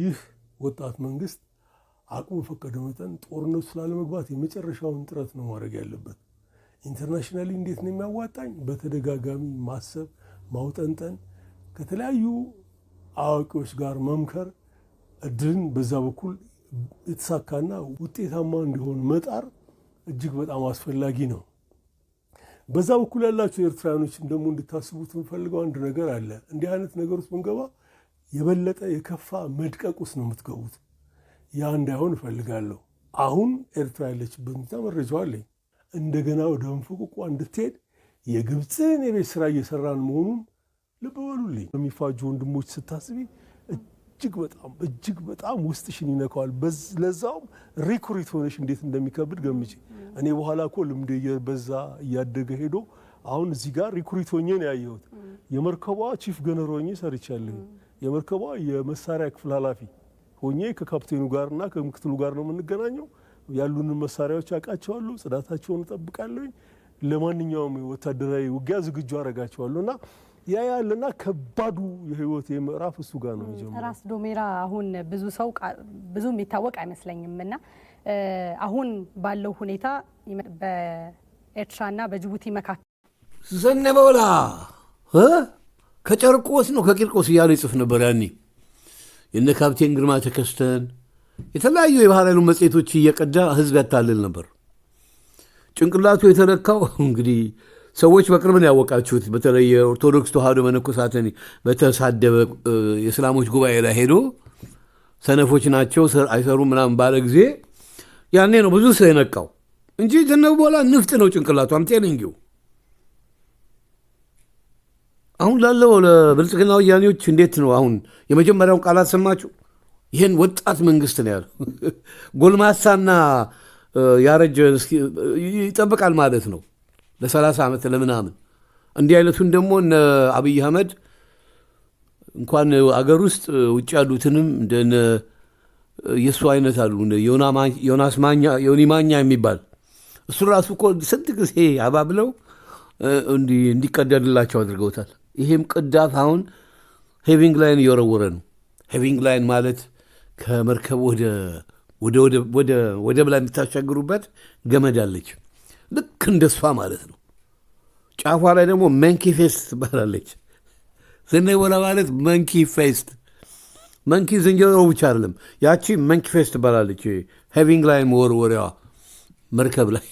ይህ ወጣት መንግስት አቅሙ ፈቀደ መጠን ጦርነቱ ስላለመግባት የመጨረሻውን ጥረት ነው ማድረግ ያለበት። ኢንተርናሽናሊ እንዴት ነው የሚያዋጣኝ? በተደጋጋሚ ማሰብ፣ ማውጠንጠን፣ ከተለያዩ አዋቂዎች ጋር መምከር፣ እድልን በዛ በኩል የተሳካና ውጤታማ እንዲሆን መጣር እጅግ በጣም አስፈላጊ ነው። በዛ በኩል ያላቸው ኤርትራውያኖችን ደግሞ እንድታስቡት የምፈልገው አንድ ነገር አለ። እንዲህ አይነት ነገሮች ውስጥ ብንገባ የበለጠ የከፋ መድቀቅ ውስጥ ነው የምትገቡት። ያ እንዳይሆን እፈልጋለሁ። አሁን ኤርትራ ያለችበት ሁኔታ መረጃው አለኝ። እንደገና ወደ እንፍቁቋ እንድትሄድ የግብፅን የቤት ስራ እየሰራን መሆኑን ልብ በሉልኝ። በሚፋጁ ወንድሞች ስታስቢ እጅግ በጣም እጅግ በጣም ውስጥሽን ይነካዋል። ለዛውም ሪኩሪት ሆነሽ እንዴት እንደሚከብድ ገምቼ እኔ በኋላ እኮ ልምድ በዛ እያደገ ሄዶ አሁን እዚህ ጋር ሪኩሪት ሆኜ ነው ያየሁት። የመርከቧ ቺፍ ገነር ሆኜ የመርከቧ የመሳሪያ ክፍል ኃላፊ ሆኜ ከካፕቴኑ ጋርና ከምክትሉ ጋር ነው የምንገናኘው። ያሉንን መሳሪያዎች አውቃቸዋለሁ፣ ጽዳታቸውን እጠብቃለሁኝ፣ ለማንኛውም ወታደራዊ ውጊያ ዝግጁ አረጋቸዋለሁ እና ያ ያለና ከባዱ የህይወት የምዕራፍ እሱ ጋር ነው የሚጀምረው። ራስ ዶሜራ አሁን ብዙ ሰው ብዙ የሚታወቅ አይመስለኝም እና አሁን ባለው ሁኔታ በኤርትራና በጅቡቲ መካከል ዘነበውላ ከጨርቆስ ነው ከቂርቆስ እያለ ይጽፍ ነበር። ያኔ የነ ካፕቴን ግርማ ተከስተን የተለያዩ የባህር ኃይሉ መጽሔቶች እየቀዳ ህዝብ ያታልል ነበር። ጭንቅላቱ የተለካው እንግዲህ ሰዎች በቅርብ ነው ያወቃችሁት። በተለይ የኦርቶዶክስ ተዋህዶ መነኮሳትን በተሳደበ የእስላሞች ጉባኤ ላይ ሄዶ ሰነፎች ናቸው አይሰሩም ምናምን ባለ ጊዜ ያኔ ነው ብዙ ሰው የነቃው እንጂ ዘነበ በኋላ ንፍጥ ነው ጭንቅላቱ። እንጊው አሁን ላለው ለብልጽግና ወያኔዎች እንዴት ነው? አሁን የመጀመሪያውን ቃላት ሰማችሁ? ይህን ወጣት መንግስት ነው ያለው። ጎልማሳና ያረጀ ይጠብቃል ማለት ነው ለሰላሳ ዓመት ለምናምን። እንዲህ አይነቱን ደግሞ እነ አብይ አህመድ እንኳን አገር ውስጥ ውጭ ያሉትንም እንደነ የእሱ አይነት አሉ ዮናስ ማኛ ዮኒ ማኛ የሚባል እሱ ራሱ እኮ ስንት ጊዜ አባብለው እንዲቀደድላቸው አድርገውታል። ይሄም ቅዳት አሁን ሄቪንግ ላይን እየወረወረ ነው። ሄቪንግ ላይን ማለት ከመርከብ ወደብ ላይ የምታሻግሩበት ገመድ አለች። ልክ እንደሷ ማለት ነው። ጫፏ ላይ ደግሞ መንኪ ፌስት ትባላለች። ወላ ማለት መንኪ ፌስት፣ መንኪ ዝንጀሮ ብቻ አይደለም። ያቺ መንኪ ፌስት ትባላለች። ሄቪንግ ላይን መወርወሪያዋ መርከብ ላይ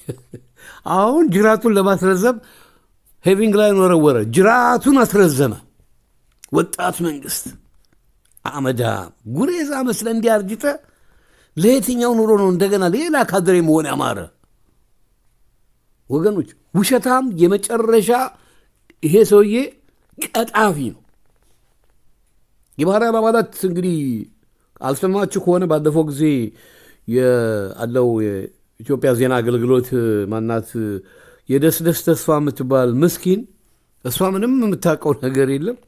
አሁን ጅራቱን ለማስረዘብ ሄቪንግ ላይ ወረወረ፣ ጅራቱን አስረዘመ። ወጣት መንግስት አመዳ ጉሬዛ መስለ እንዲያርጅተ ለየትኛው ኑሮ ነው እንደገና ሌላ ካድሬ መሆን ያማረ? ወገኖች ውሸታም የመጨረሻ ይሄ ሰውዬ ቀጣፊ ነው። የባህርያን አባላት እንግዲህ አልሰማችሁ ከሆነ ባለፈው ጊዜ አለው የኢትዮጵያ ዜና አገልግሎት ማናት የደስደስ ተስፋ የምትባል ምስኪን እሷ ምንም የምታውቀው ነገር የለም።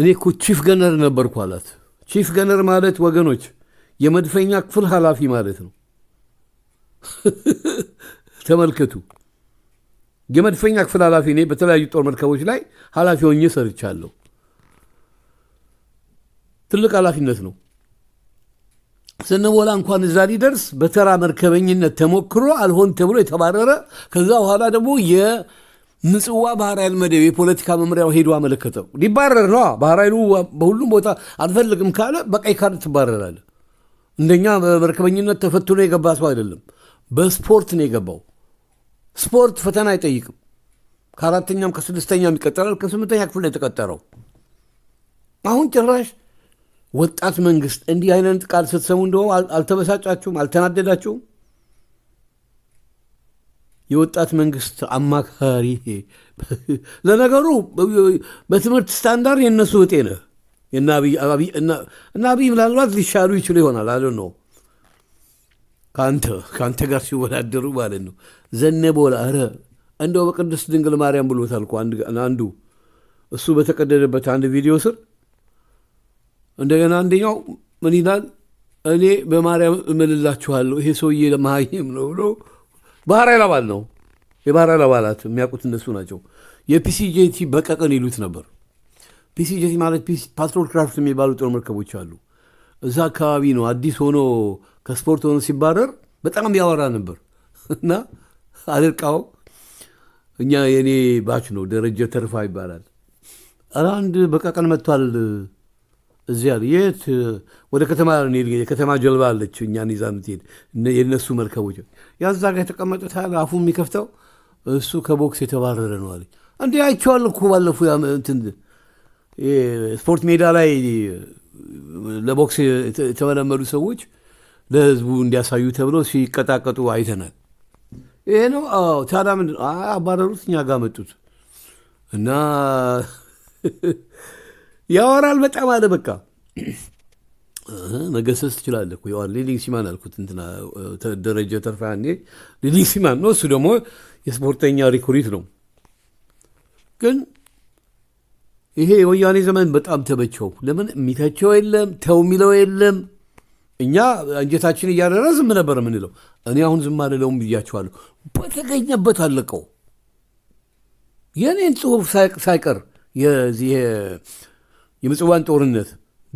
እኔ እኮ ቺፍ ገነር ነበርኩ አላት። ቺፍ ገነር ማለት ወገኖች የመድፈኛ ክፍል ኃላፊ ማለት ነው። ተመልከቱ፣ የመድፈኛ ክፍል ኃላፊ እኔ በተለያዩ ጦር መርከቦች ላይ ኃላፊ ሆኜ ሰርቻለሁ። ትልቅ ኃላፊነት ነው። ስንቦላ እንኳን እዛ ሊደርስ በተራ መርከበኝነት ተሞክሮ አልሆን ተብሎ የተባረረ ከዛ በኋላ ደግሞ የምጽዋ ባህር ኃይል መደብ የፖለቲካ መምሪያው ሄዶ አመለከተው። ሊባረር ባህር ኃይሉ በሁሉም ቦታ አልፈልግም ካለ በቀይ ካርድ ትባረራለ። እንደኛ በመርከበኝነት ተፈትኖ የገባ ሰው አይደለም። በስፖርት ነው የገባው። ስፖርት ፈተና አይጠይቅም። ከአራተኛም ከስድስተኛም ይቀጠራል። ከስምንተኛ ክፍል ነው የተቀጠረው። አሁን ጭራሽ ወጣት መንግስት እንዲህ አይነት ቃል ስትሰሙ እንደ አልተበሳጫችሁም? አልተናደዳችሁም? የወጣት መንግስት አማካሪ ለነገሩ በትምህርት ስታንዳርድ የእነሱ እጤ ነህ እና አብይ ምናልባት ሊሻሉ ይችሉ ይሆናል አለ ነው ከአንተ ከአንተ ጋር ሲወዳደሩ ማለት ነው። ዘነቦላ ኧረ እንደው በቅድስት ድንግል ማርያም ብሎታል እኮ አንዱ እሱ በተቀደደበት አንድ ቪዲዮ ስር እንደገና አንደኛው ምን ይላል? እኔ በማርያም እምልላችኋለሁ ይሄ ሰውዬ መሃይም ነው ብሎ ባህራዊ አባል ነው። የባህራዊ አባላት የሚያውቁት እነሱ ናቸው። የፒሲጄቲ በቀቀን ይሉት ነበር። ፒሲጄቲ ማለት ፓትሮል ክራፍት የሚባሉ ጦር መርከቦች አሉ። እዛ አካባቢ ነው አዲስ ሆኖ ከስፖርት ሆኖ ሲባረር በጣም ያወራ ነበር እና አድርቃው እኛ የእኔ ባች ነው ደረጀ ተርፋ ይባላል። አንድ በቀቀን መጥቷል እዚያ የት ወደ ከተማ እንሄድ፣ የከተማ ጀልባ አለች እኛን ይዛ ምትሄድ የነሱ መርከቦች። ያዛ ጋር የተቀመጠ ታያለህ፣ አፉ የሚከፍተው እሱ ከቦክስ የተባረረ ነው አለ እንዲ አይቼዋለሁ እኮ ባለፉ ስፖርት ሜዳ ላይ ለቦክስ የተመለመዱ ሰዎች ለህዝቡ እንዲያሳዩ ተብሎ ሲቀጣቀጡ አይተናል። ይሄ ነው ታዲያ ምንድን አባረሩት፣ እኛ ጋር መጡት እና ያወራል በጣም አለ። በቃ መገሰስ ትችላለ እኮ ሊሊንግ ሲማን አልኩት። እንትና ደረጀ ተርፈ ያኔ ሊሊንግ ሲማን ነው እሱ ደግሞ የስፖርተኛ ሪኩሪት ነው። ግን ይሄ የወያኔ ዘመን በጣም ተመቸው። ለምን የሚተቸው የለም ተው የሚለው የለም። እኛ አንጀታችን እያደረ ዝም ነበር የምንለው። እኔ አሁን ዝም አልለውም ብያቸዋለሁ። በተገኘበት አለቀው የእኔን ጽሁፍ ሳይቀር የዚህ የምጽዋን ጦርነት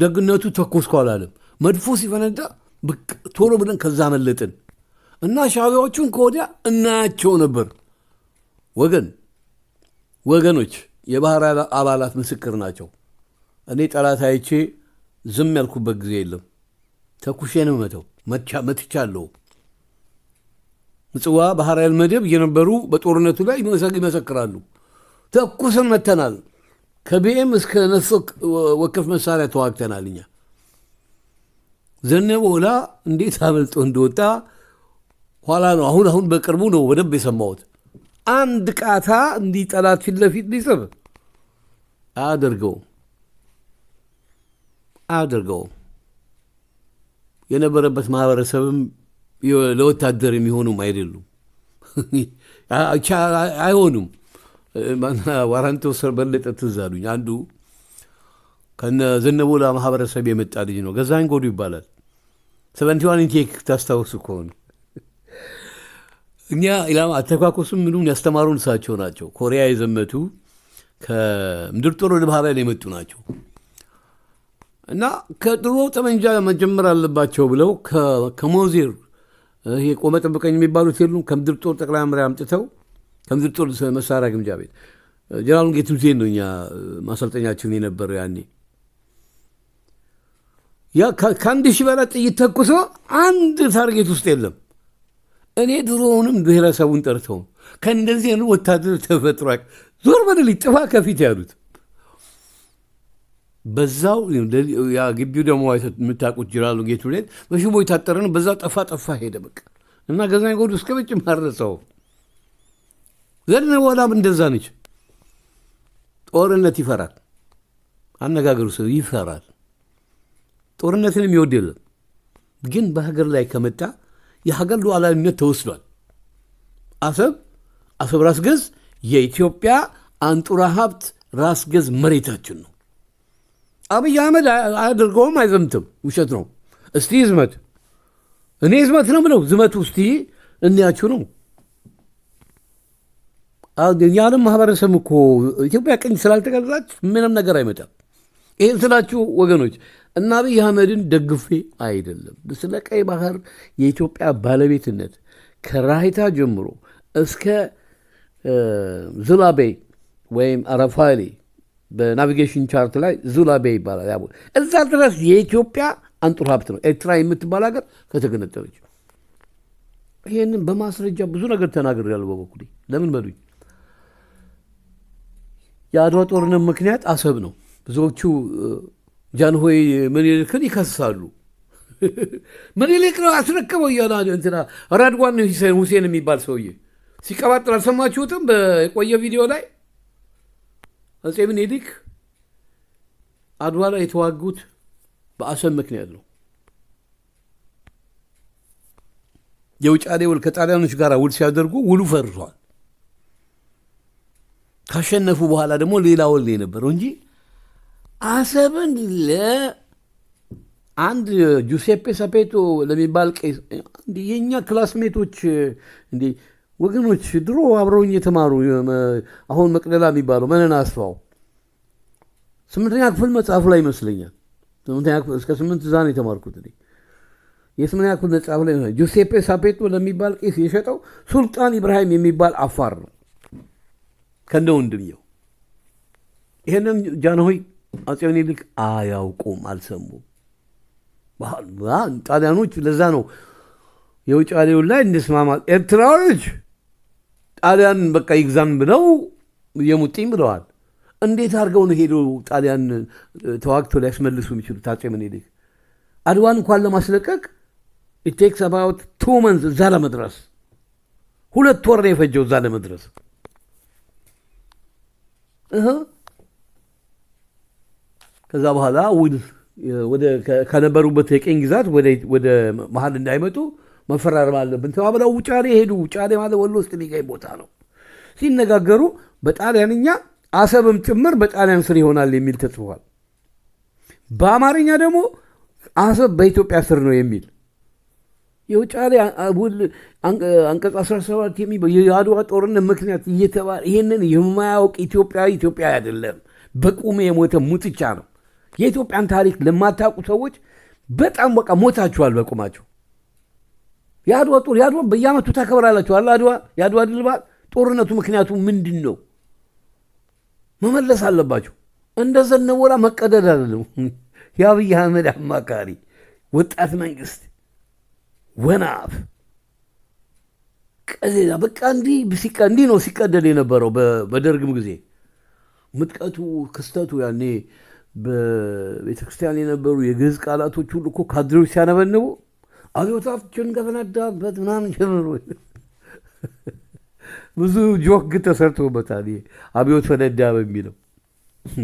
ደግነቱ ተኮስኩ አላለም። መድፎ ሲፈነዳ ቶሎ ብለን ከዛ መለጥን እና ሻቢያዎቹን ከወዲያ እናያቸው ነበር። ወገን ወገኖች፣ የባህር አባላት ምስክር ናቸው። እኔ ጠላት አይቼ ዝም ያልኩበት ጊዜ የለም። ተኩሼን መተው መትቻለሁ። ምጽዋ ባህር ኃይል መደብ እየነበሩ በጦርነቱ ላይ ይመሰክራሉ። ተኩስን መተናል። ከቢኤም እስከ ነፍስ ወከፍ መሳሪያ ተዋግተናል። እኛ ዘነበ ወላ እንዴት አመልጦ እንደወጣ ኋላ ነው አሁን አሁን በቅርቡ ነው በደንብ የሰማሁት። አንድ ቃታ እንዲህ ጠላት ፊት ለፊት ሊስብ አያደርገውም አያደርገውም። የነበረበት ማህበረሰብም ለወታደር የሚሆኑም አይደሉም፣ አይሆኑም። ዋራንቴ ወሰር በለጠ ትዝ አሉኝ። አንዱ ከነ ዘነቦላ ማህበረሰብ የመጣ ልጅ ነው። ገዛኝ ጎዱ ይባላል። ሰቨንቲዋን ኢንቴክ ታስታውስ ከሆነ እኛ ኢላማ አተኳኮስም ምንም ያስተማሩን እሳቸው ናቸው። ኮሪያ የዘመቱ ከምድር ጦር ወደ ባህር ባህላል የመጡ ናቸው እና ከድሮ ጠመንጃ መጀመር አለባቸው ብለው ከሞዚር ይሄ ቆመ ጠብቀኝ የሚባሉት የሉም ከምድር ጦር ጠቅላይ መምሪያ አምጥተው ከምድር ጦር መሳሪያ ግምጃ ቤት ጀነራል ጌቱ ሁሴን ነው እኛ ማሰልጠኛችን የነበረው ያኔ። ያ ከአንድ ሺህ በላይ ጥይት ተኩሶ አንድ ታርጌት ውስጥ የለም። እኔ ድሮውንም ብሔረሰቡን ጠርተው ከእንደዚህ አይነት ወታደር ተፈጥሮ ዞር በደል ጥፋ ከፊት ያሉት በዛው ግቢው ደግሞ የምታውቁት ጅራሉ ጌት ጌቱ በሽቦ የታጠረ ነው። በዛው ጠፋ ጠፋ ሄደ በቃ እና ገዛኝ ጎዱ እስከ መጭ ማረሰው ዘድነ በኋላም እንደዛ ነች። ጦርነት ይፈራል። አነጋገሩ ሰው ይፈራል። ጦርነትን የሚወድ የለም። ግን በሀገር ላይ ከመጣ የሀገር ሉዓላዊነት ተወስዷል። አሰብ አሰብ ራስ ገዝ የኢትዮጵያ አንጡራ ሀብት ራስ ገዝ መሬታችን ነው። አብይ አህመድ አያደርገውም፣ አይዘምትም። ውሸት ነው። እስቲ ዝመት እኔ ዝመት ነው ብለው ዝመቱ እስቲ እንያችሁ ነው የዓለም ማህበረሰብ እኮ ኢትዮጵያ ቀኝ ስላልተገዛች ምንም ነገር አይመጣም። ይህን ስላችሁ ወገኖች እና አብይ አህመድን ደግፌ አይደለም። ስለ ቀይ ባህር የኢትዮጵያ ባለቤትነት ከራሂታ ጀምሮ እስከ ዙላቤይ ወይም አረፋሌ በናቪጌሽን ቻርት ላይ ዙላቤይ ይባላል። ያ እዛ ድረስ የኢትዮጵያ አንጡር ሀብት ነው። ኤርትራ የምትባል ሀገር ከተገነጠለች ይህንን በማስረጃ ብዙ ነገር ተናግሬያለሁ። በበኩሌ ለምን በሉኝ የአድዋ ጦርነት ምክንያት አሰብ ነው። ብዙዎቹ ጃንሆይ ምኒልክን ይከስሳሉ። ምኒልክ ነው አስረከበው እያለ እንትና ራድዋን ሁሴን የሚባል ሰውዬ ሲቀባጥር አልሰማችሁትም? በቆየ ቪዲዮ ላይ አጼ ምኒልክ አድዋ ላይ የተዋጉት በአሰብ ምክንያት ነው። የውጫሌ ውል ከጣሊያኖች ጋር ውል ሲያደርጉ ውሉ ፈርሷል። ካሸነፉ በኋላ ደግሞ ሌላ ወል የነበረው እንጂ አሰብን ለአንድ ጁሴፔ ሰፔቶ ለሚባል ቄስ የእኛ ክላስሜቶች እንዴ ወገኖች ድሮ አብረውኝ የተማሩ አሁን መቅደላ የሚባለው መነን አስፋው ስምንተኛ ክፍል መጽሐፉ ላይ ይመስለኛል። እስከ ስምንት እዛ ነው የተማርኩት። የስምንተኛ ክፍል መጽሐፍ ላይ ጁሴፔ ሳፔቶ ለሚባል ቄስ የሸጠው ሱልጣን ኢብራሂም የሚባል አፋር ነው። ከነ ወንድምየው ይሄንም ጃንሆይ አጼ ምኒልክ አያውቁም፣ አልሰሙም። ጣሊያኖች ለዛ ነው የውጫሌውን ላይ እንስማማ ኤርትራዎች ጣሊያን በቃ ይግዛን ብለው የሙጥኝ ብለዋል። እንዴት አድርገው ነው ሄዶ ጣሊያን ተዋግቶ ሊያስመልሱ የሚችሉት? አጼ ምኒልክ አድዋን እንኳን ለማስለቀቅ ኢቴክስ አባውት ቱ መንዝ እዛ ለመድረስ ሁለት ወር ነው የፈጀው እዛ ለመድረስ። ከዛ በኋላ ውል ከነበሩበት የቀኝ ግዛት ወደ መሀል እንዳይመጡ መፈራረም አለብን ተባብለው ውጫሌ ሄዱ። ውጫሌ ማለት ወሎ ውስጥ የሚገኝ ቦታ ነው። ሲነጋገሩ በጣሊያንኛ አሰብም ጭምር በጣሊያን ስር ይሆናል የሚል ተጽፏል። በአማርኛ ደግሞ አሰብ በኢትዮጵያ ስር ነው የሚል የውጫሌ ውል አንቀጽ 17 የሚባለው የአድዋ ጦርነት ምክንያት እየተባለ ይህንን የማያውቅ ኢትዮጵያዊ ኢትዮጵያ አይደለም፣ በቁም የሞተ ሙጥቻ ነው። የኢትዮጵያን ታሪክ ለማታውቁ ሰዎች በጣም በቃ ሞታችኋል በቁማቸው። የአድዋ ጦር የአድዋ በየዓመቱ አለ አድዋ የአድዋ ድል በዓል ጦርነቱ ምክንያቱ ምንድን ነው? መመለስ አለባቸው። እንደ ዘነበወላ መቀደድ አይደለም። የአብይ አህመድ አማካሪ ወጣት መንግስት ወናብ ቀዜዛ በቃ እንዲህ እንዲህ ነው ሲቀደድ የነበረው በደርግም ጊዜ ምጥቀቱ ክስተቱ ያኔ በቤተ ክርስቲያን የነበሩ የግዕዝ ቃላቶች ሁሉ እኮ ካድሬዎች ሲያነበንቡ አብዮታችን ከፈነዳበት ምናምን ጀምሮ ብዙ ጆክ ተሰርቶበታል። አብዮት ፈነዳ በሚለው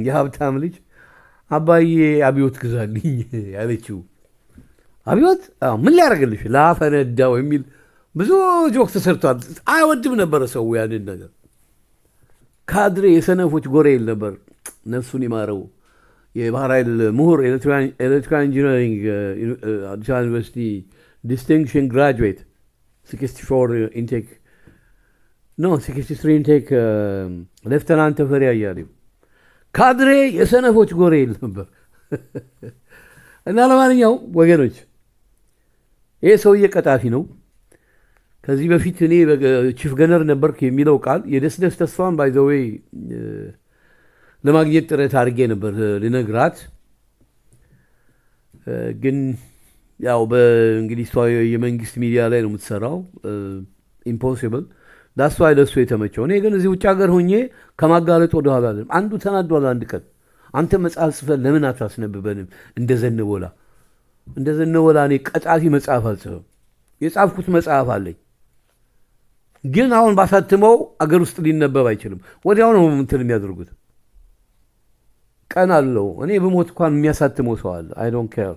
የሀብታም ልጅ አባዬ አብዮት ግዛልኝ ያለችው አብዮት ምን ሊያደርግልሽ ላፈነዳው የሚል ብዙ ጆክ ተሰርቷል። አይወድም ነበረ ሰው ያንን ነገር። ካድሬ የሰነፎች ጎሬል ነበር፣ ነፍሱን ይማረው። የባህር ኃይል ምሁር ኤሌክትሪካል ኢንጂነሪንግ አዲስ አበባ ዩኒቨርሲቲ ዲስቲንክሽን ግራጁዌት ፎር ኢንቴክ ኖ ስሪ ኢንቴክ ሌፍተናንት ተፈሪ አያሌው ካድሬ የሰነፎች ጎሬል ነበር እና ለማንኛውም ወገኖች ይህ ሰውዬ ቀጣፊ ነው። ከዚህ በፊት እኔ ቺፍ ገነር ነበርክ የሚለው ቃል የደስደስ ተስፋን ባይዘወይ ለማግኘት ጥረት አድርጌ ነበር ልነግራት፣ ግን ያው በእንግዲህ እሷ የመንግስት ሚዲያ ላይ ነው የምትሰራው። ኢምፖሲብል ዳሷ ለሱ የተመቸው። እኔ ግን እዚህ ውጭ ሀገር ሆኜ ከማጋለጥ ወደኋላ አለም። አንዱ ተናዷል። አንድ ቀን አንተ መጽሐፍ ጽፈን ለምን አታስነብበንም እንደ ዘንቦላ እንደዘነ እኔ ቀጣፊ መጽሐፍ አልጽፍም። የጻፍኩት መጽሐፍ አለኝ፣ ግን አሁን ባሳትመው አገር ውስጥ ሊነበብ አይችልም። ወዲያው ነው እንትን የሚያደርጉት። ቀን አለው። እኔ በሞት እንኳን የሚያሳትመው ሰው አለ። አይ ዶንት ኬር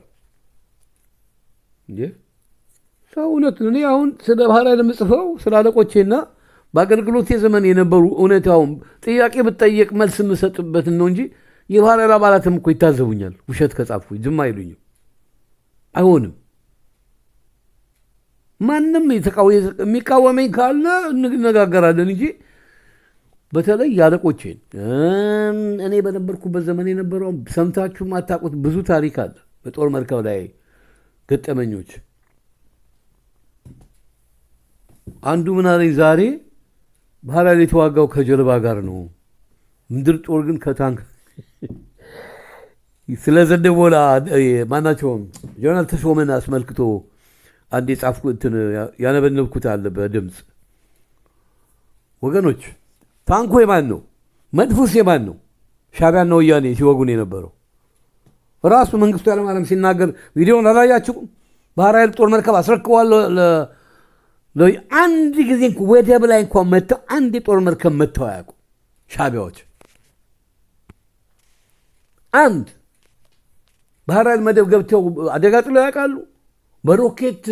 ሰው እውነት። እኔ አሁን ስለ ባህላዊ የምጽፈው ስለ አለቆቼና በአገልግሎቴ ዘመን የነበሩ እውነታውም ጥያቄ ብጠየቅ መልስ የምሰጥበትን ነው እንጂ የባህላዊ አባላትም እኮ ይታዘቡኛል። ውሸት ከጻፍኩኝ ዝም አይሉኝም። አይሆንም። ማንም የሚቃወመኝ ካለ እንነጋገራለን እንጂ በተለይ ያለቆቼን እኔ በነበርኩበት ዘመን የነበረው ሰምታችሁ ማታውቁት ብዙ ታሪክ አለ። በጦር መርከብ ላይ ገጠመኞች አንዱ ምን አለኝ፣ ዛሬ ባህር ኃይል የተዋጋው ከጀልባ ጋር ነው፣ ምድር ጦር ግን ከታንክ ስለ ዘነበላ ማናቸውም ጆናል ተሾመን አስመልክቶ አንድ የጻፍኩ እንትን ያነበነብኩት አለ በድምፅ ወገኖች። ታንኩ የማን ነው? መድፉስ የማን ነው? ሻቢያና ወያኔ ሲወጉን የነበረው ራሱ መንግስቱ ኃይለማርያም ሲናገር ቪዲዮን አላያችሁም? ባህር ኃይል ጦር መርከብ አስረክበዋለሁ። አንድ ጊዜ ወደብ ላይ እንኳን መጥተው አንድ የጦር መርከብ መጥተው አያውቁም ሻቢያዎች። አንድ ባህር ኃይል መደብ ገብተው አደጋ ጥለው ያውቃሉ? በሮኬት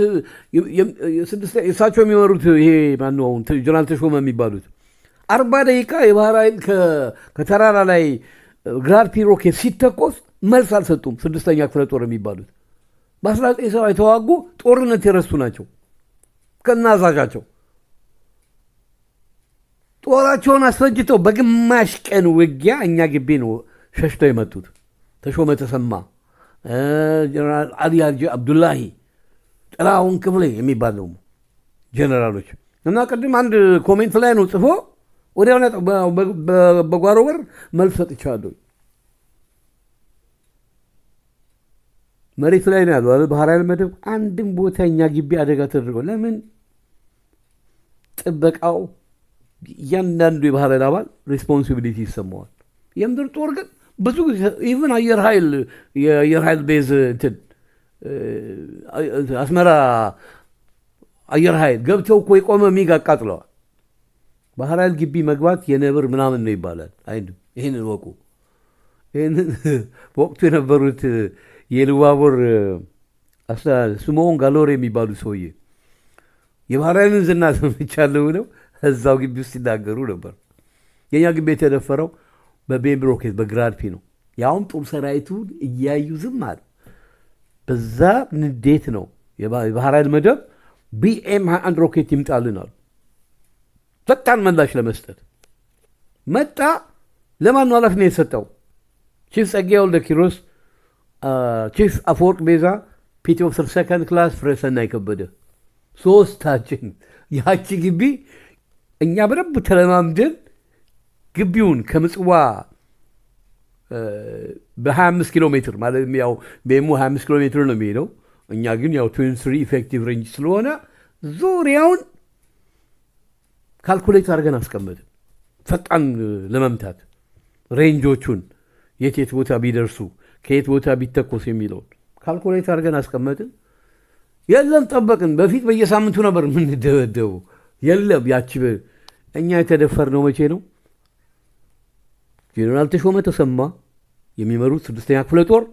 እሳቸው የሚመሩት ይሄ ማነው ጀነራል ተሾመ የሚባሉት አርባ ደቂቃ የባህር ኃይል ከተራራ ላይ ግራርፒ ሮኬት ሲተኮስ መልስ አልሰጡም። ስድስተኛ ክፍለ ጦር የሚባሉት በ1970 የተዋጉ ጦርነት የረሱ ናቸው። ከና ጦራቸውን አስፈጅተው በግማሽ ቀን ውጊያ እኛ ግቢ ነው ሸሽተው የመጡት ተሾመ ተሰማ ጀነራል አሊ አብዱላሂ፣ ጥላሁን ክፍሌ የሚባል ደግሞ ጀነራሎች እና ቅድም አንድ ኮሜንት ላይ ነው ጽፎ ወዲያው በጓሮ ወር መልስ ሰጥቻለሁ። መሬት ላይ ነው ያለው አይደል? ባህር ኃይል መደብ አንድም ቦታ እኛ ግቢ አደጋ ተደርገው ለምን ጥበቃው እያንዳንዱ የባህር ኃይል አባል ሬስፖንሲቢሊቲ ይሰማዋል። የምድር ጦር ግን ብዙ ኢቨን አየር ኃይል የአየር ኃይል ቤዝ እንትን አስመራ አየር ኃይል ገብተው እኮ የቆመ ሚግ አቃጥለዋል። ባህር ኃይል ግቢ መግባት የነብር ምናምን ነው ይባላል። አይ ይህንን ወቁ። ይህንን በወቅቱ የነበሩት የልዋቦር አስተዳዳሪ ስምዖን ጋሎር የሚባሉ ሰውዬ የባህር ኃይልን ዝና ሰምቻለሁ ብለው እዛው ግቢ ውስጥ ሲናገሩ ነበር። የእኛ ግቢ የተደፈረው በቤቢ ሮኬት በግራድፒ ነው። ያውም ጦር ሰራዊቱን እያዩ ዝም አሉ። በዛ ንዴት ነው የባህር ኃይል መደብ ቢኤም 21 ሮኬት ይምጣልን አሉ፣ ፈጣን መላሽ ለመስጠት መጣ። ለማን ነው ኃላፊነት የሰጠው? ቺፍ ጸጌ ወልደ ኪሮስ፣ ቺፍ አፈወርቅ ቤዛ፣ ፒቲ ኦፊሰር ሰከንድ ክላስ ፍሬሰና የከበደ ሶስታችን። ያቺ ግቢ እኛ በደንብ ተለማምደን ግቢውን ከምጽዋ በ25 ኪሎ ሜትር ማለት ያው ሜሙ 25 ኪሎ ሜትር ነው የሚሄደው። እኛ ግን ያው ትዌንቲ ኢፌክቲቭ ሬንጅ ስለሆነ ዙሪያውን ካልኩሌት አድርገን አስቀመጥ ፈጣን ለመምታት ሬንጆቹን የት የት ቦታ ቢደርሱ ከየት ቦታ ቢተኮስ የሚለውን ካልኩሌት አድርገን አስቀመጥን። የለም ጠበቅን። በፊት በየሳምንቱ ነበር የምንደበደቡ። የለም ያቺ እኛ የተደፈርነው መቼ ነው? ጄኔራል ተሾመ ተሰማ የሚመሩት ስድስተኛ ክፍለ ጦር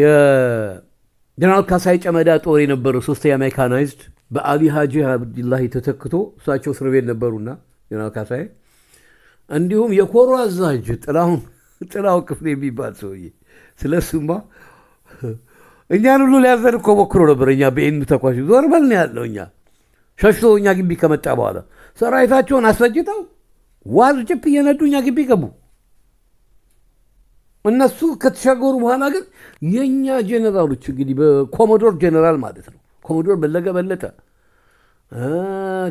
የጀነራል ካሳይ ጨመዳ ጦር የነበረ ሶስተኛ ሜካናይዝድ በአሊ ሀጂ አብድላሂ ተተክቶ እሳቸው እስር ቤት ነበሩና ጀነራል ካሳይ እንዲሁም የኮሮ አዛዥ ጥላሁን ጥላሁን ክፍል የሚባል ሰውዬ ስለሱማ እሱማ እኛን ሁሉ ሊያዘን እኮ ሞክሮ ነበር። እኛ በኤኑ ተኳሽ ዞር በልን ያለው እኛ ሸሽቶ እኛ ግቢ ከመጣ በኋላ ሰራዊታቸውን አስፈጅተው ዋዝ ጭፕ እየነዱ እኛ ግቢ ገቡ። እነሱ ከተሻገሩ በኋላ ግን የእኛ ጄኔራሎች እንግዲህ በኮሞዶር ጄኔራል ማለት ነው ኮሞዶር በለገ በለጠ፣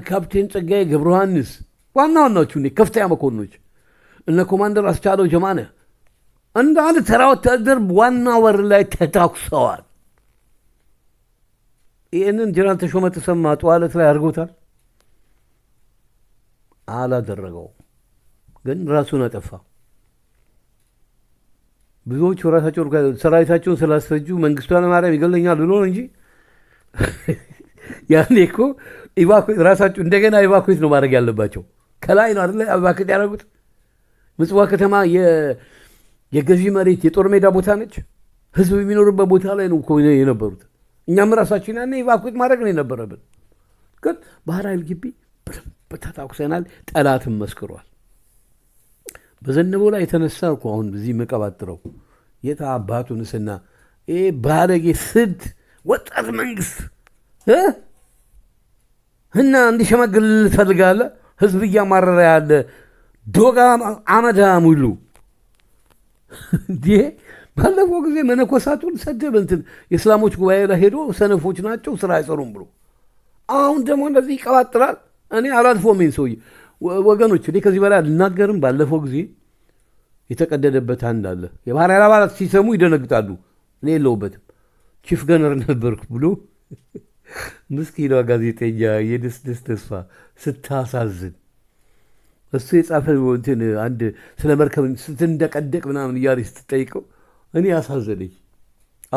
ካፕቴን ጸጋዬ ገብረ ዮሐንስ ዋና ዋናዎቹ ከፍተኛ መኮንኖች እነ ኮማንደር አስቻለው ጀማነ እንደ አንድ ተራ ወታደር ዋና ወር ላይ ተታኩሰዋል። ይህንን ጀነራል ተሾመ ተሰማ ጠዋለት ላይ አድርጎታል፣ አላደረገው ግን ራሱን አጠፋ። ብዙዎቹ ራሳቸው ሰራዊታቸውን ስላስፈጁ መንግስቱ ኃይለማርያም ይገለኛል ብሎ ነው እንጂ ያኔ እኮ ራሳቸው እንደገና ኢቫኩዌት ነው ማድረግ ያለባቸው። ከላይ ነው አደለ ኢቫኩዌት ያደረጉት። ምጽዋ ከተማ የገዢ መሬት የጦር ሜዳ ቦታ ነች። ህዝብ የሚኖርበት ቦታ ላይ ነው የነበሩት። እኛም ራሳችን ያኔ ኢቫኩዌት ማድረግ ነው የነበረብን። ግን ባህር ኃይል ግቢ በደንብ ጠላትም መስክሯል። በዘንቦ ላይ የተነሳ እኮ አሁን እዚህ መቀባጥረው የት አባቱ ንስና ይሄ ባለጌ ስድ ወጣት መንግስት እና እንዲሸመግል ትፈልጋለህ። ህዝብ እያማረረ ያለ ዶጋ አመዳም ሁሉ እንዲህ ባለፈው ጊዜ መነኮሳቱን ሰደበ። እንትን የእስላሞች ጉባኤ ላይ ሄዶ ሰነፎች ናቸው ስራ አይሰሩም ብሎ አሁን ደግሞ እንደዚህ ይቀባጥራል። እኔ አላልፎም ይሄን ሰውዬ ወገኖች እኔ ከዚህ በላይ አልናገርም። ባለፈው ጊዜ የተቀደደበት አንድ አለ። የባህር ኃይል አባላት ሲሰሙ ይደነግጣሉ። እኔ የለውበትም ቺፍ ገነር ነበርኩ ብሎ ምስኪኗ ጋዜጠኛ የደስደስ ተስፋ ስታሳዝን እሱ የጻፈ እንትን አንድ ስለ መርከብ ስትንደቀደቅ ምናምን እያለ ስትጠይቀው እኔ ያሳዘነኝ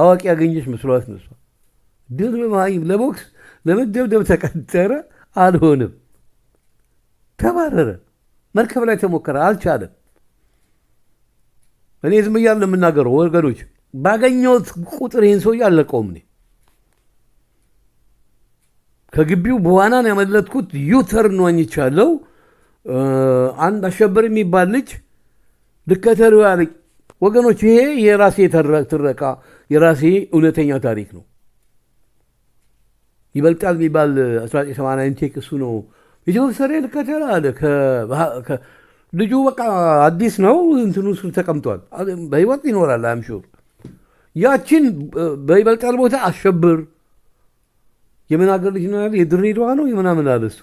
አዋቂ ያገኘች መስሏት ነሷ ድል ለቦክስ ለመደብደብ ተቀጠረ፣ አልሆንም። ተባረረ። መርከብ ላይ ተሞከረ፣ አልቻለም። እኔ ዝም እያለ የምናገረው ወገኖች፣ ባገኘሁት ቁጥር ይህን ሰውዬ አለቀውም። እኔ ከግቢው ነው ያመለጥኩት ዩተርን ዋኝቻለሁ። አንድ አሸበር የሚባል ልጅ ልከተሉ ያለኝ ወገኖች፣ ይሄ የራሴ ትረቃ የራሴ እውነተኛ ታሪክ ነው። ይበልጣል የሚባል 1980 ቴክ እሱ ነው። የወሰሬ ልከተል አለ። ልጁ በቃ አዲስ ነው እንትኑ ሱ ተቀምጧል። በህይወት ይኖራል። አምሹር ያችን በይበልጣል ቦታ አሸብር የምን አገር ልጅ ነው ያለ የድሬዳዋ ነው የምናምን አለ እሱ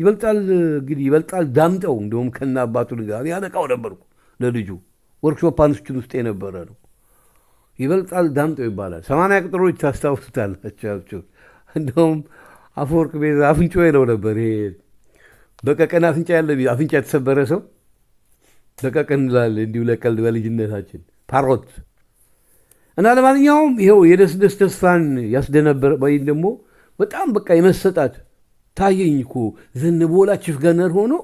ይበልጣል እንግዲህ ይበልጣል ዳምጠው እንዲሁም ከና አባቱ ጋር ያለቃው ነበርኩ ለልጁ ወርክሾፕ አንስችን ውስጥ የነበረ ነው። ይበልጣል ዳምጠው ይባላል። ሰማንያ ቅጥሮች ታስታውሱታላችሁ። እንደውም አፈወርቅ ቤዛ አፍንጮ ነው ነበር ይሄ በቀቀን አፍንጫ ያለ አፍንጫ የተሰበረ ሰው በቀቀን እንላለን እንዲሁ ለቀልድ በልጅነታችን ፓሮት እና ለማንኛውም ይኸው የደስደስ ተስፋን ያስደነበረ ወይም ደግሞ በጣም በቃ የመሰጣት ታየኝ እኮ ዘነበወላችሁ ገነር ሆኖ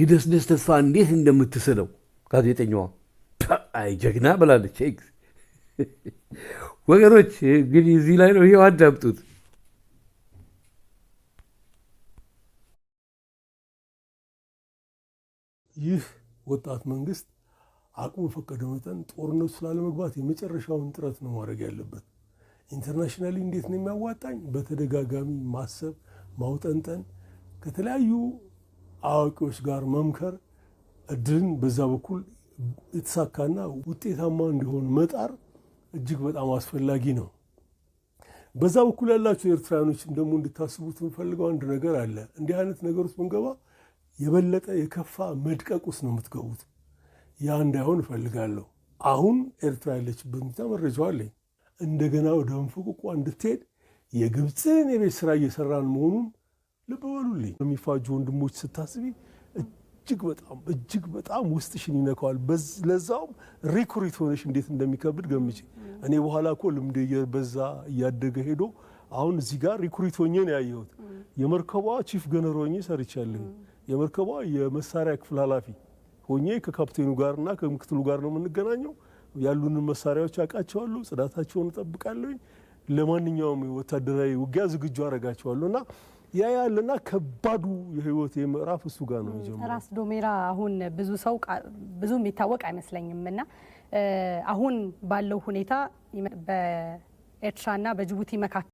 የደስደስ ተስፋ እንዴት እንደምትስለው ጋዜጠኛዋ አይ ጀግና ብላለች። ወገኖች እንግዲህ እዚህ ላይ ነው ይኸው አዳምጡት። ይህ ወጣት መንግስት አቅሙ ፈቀደ መጠን ጦርነቱ ስላለመግባት የመጨረሻውን ጥረት ነው ማድረግ ያለበት። ኢንተርናሽናሊ እንዴት ነው የሚያዋጣኝ? በተደጋጋሚ ማሰብ፣ ማውጠንጠን፣ ከተለያዩ አዋቂዎች ጋር መምከር፣ እድልን በዛ በኩል የተሳካና ውጤታማ እንዲሆን መጣር እጅግ በጣም አስፈላጊ ነው። በዛ በኩል ያላቸው ኤርትራውያኖችም ደግሞ እንድታስቡት የምፈልገው አንድ ነገር አለ። እንዲህ አይነት ነገሮች መንገባ የበለጠ የከፋ መድቀቅ ውስጥ ነው የምትገቡት። ያ እንዳይሆን እፈልጋለሁ። አሁን ኤርትራ ያለችበት ሁኔታ መረጃው አለኝ። እንደገና ወደ እንፍቁቋ እንድትሄድ የግብፅን የቤት ስራ እየሰራን መሆኑን ልብ በሉልኝ። የሚፋጁ ወንድሞች ስታስቢ እጅግ በጣም እጅግ በጣም ውስጥሽን ይነካዋል። ለዛውም ሪኩሪት ሆነሽ እንዴት እንደሚከብድ ገምቼ እኔ በኋላ እኮ ልምድ በዛ እያደገ ሄዶ አሁን እዚህ ጋር ሪኩሪት ሆኜ ነው ያየሁት። የመርከቧ ቺፍ ገነር ሆኜ ሰርቻለሁ። የመርከቧ የመሳሪያ ክፍል ኃላፊ ሆኜ ከካፕቴኑ ጋርና ከምክትሉ ጋር ነው የምንገናኘው። ያሉንን መሳሪያዎች አውቃቸዋለሁ፣ ጽዳታቸውን እጠብቃለሁኝ፣ ለማንኛውም ወታደራዊ ውጊያ ዝግጁ አረጋቸዋለሁ እና ያ ያለና ከባዱ የህይወት የምዕራፍ እሱ ጋር ነው የሚጀምረው። ራስ ዶሜራ አሁን ብዙ ሰው ብዙ የሚታወቅ አይመስለኝም እና አሁን ባለው ሁኔታ በኤርትራና በጅቡቲ መካከል